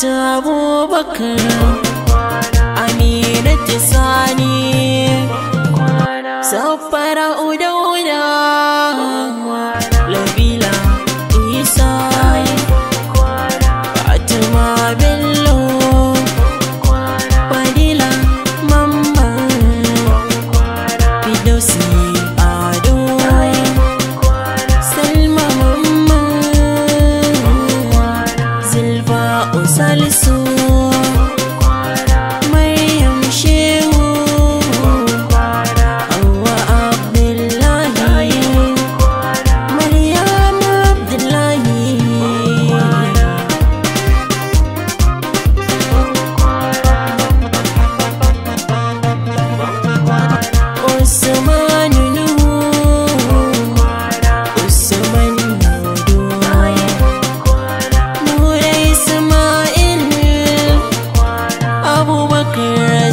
ta abubakar amina ta sani safara udauna Salisu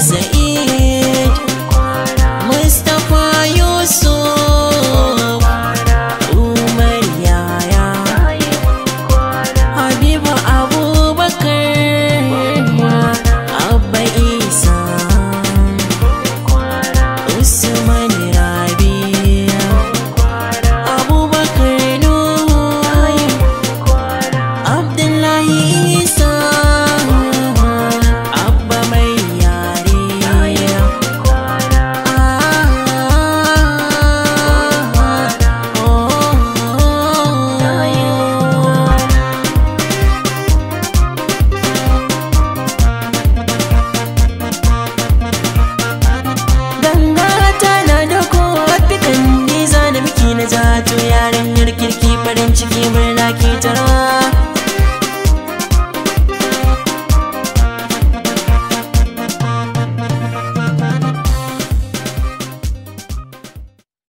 você kitara